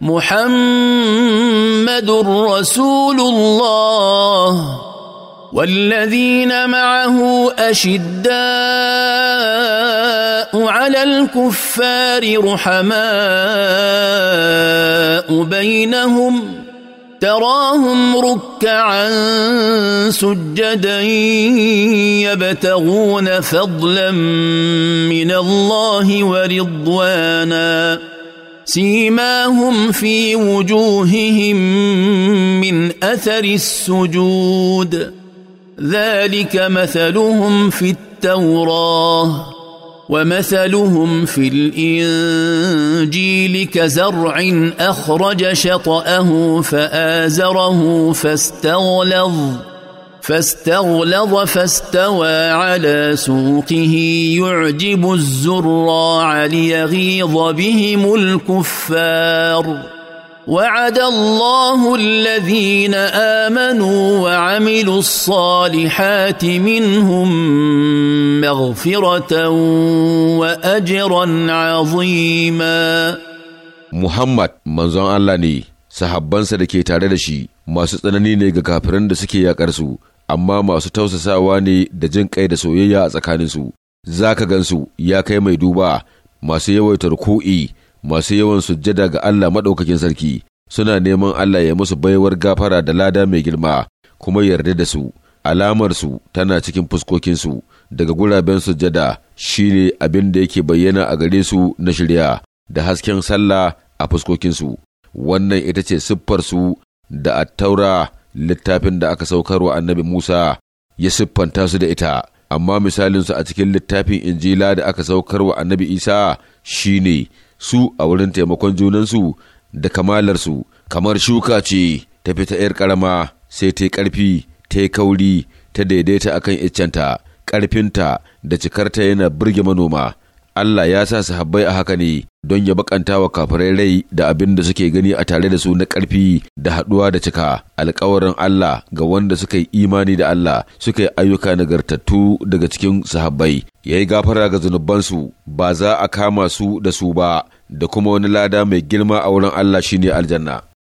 محمد رسول الله والذين معه اشداء على الكفار رحماء بينهم تراهم ركعا سجدا يبتغون فضلا من الله ورضوانا سيماهم في وجوههم من اثر السجود ذلك مثلهم في التوراه ومثلهم في الانجيل كزرع اخرج شطاه فازره فاستغلظ فاستغلظ فاستوى على سوقه يعجب الزراع ليغيظ بهم الكفار وعد الله الذين امنوا وعملوا الصالحات منهم مغفره واجرا عظيما محمد منزون الله ني sahabbansa da ke ما da shi masu يا كرسو amma masu tausasawa ne da jin kai da soyayya a tsakaninsu, za ka gansu ya kai mai duba masu yawaitar ku'i masu yawan sujjada ga Allah maɗaukakin sarki, suna neman Allah ya musu baiwar gafara da lada mai girma, kuma yarda da su, alamarsu tana cikin fuskokinsu daga guraben sujjada shine abin da yake bayyana a gare su na shirya da hasken sallah a fuskokinsu. Wannan ita ce siffar su da attaura littafin da aka saukarwa annabi Musa ya siffanta su da ita, amma misalinsu a cikin littafin Injila da aka saukarwa annabi Isa shi ne su a wurin taimakon junansu da kamalarsu, kamar shuka ce ta fita ‘yar ƙarama sai ta ƙarfi, ta kauri, ta daidaita akan iccenta, ƙarfinta da cikarta yana burge manoma. Allah ya sa sahabbai a haka ne don ya bakanta wa kafirai rai da abin da suke gani a tare da su na ƙarfi da haɗuwa da cika alkawarin Allah ga wanda suka yi imani da Allah suka yi ayyuka nagartattu daga cikin sahabbai ya yi gafara ga zunubansu ba za a kama su da su ba da kuma wani lada mai girma a wurin Allah shine aljanna